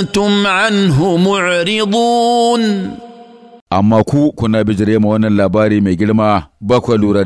وأنتم عنه معرضون أما كو كنا بجريم وانا لاباري ميجلما باكو لورا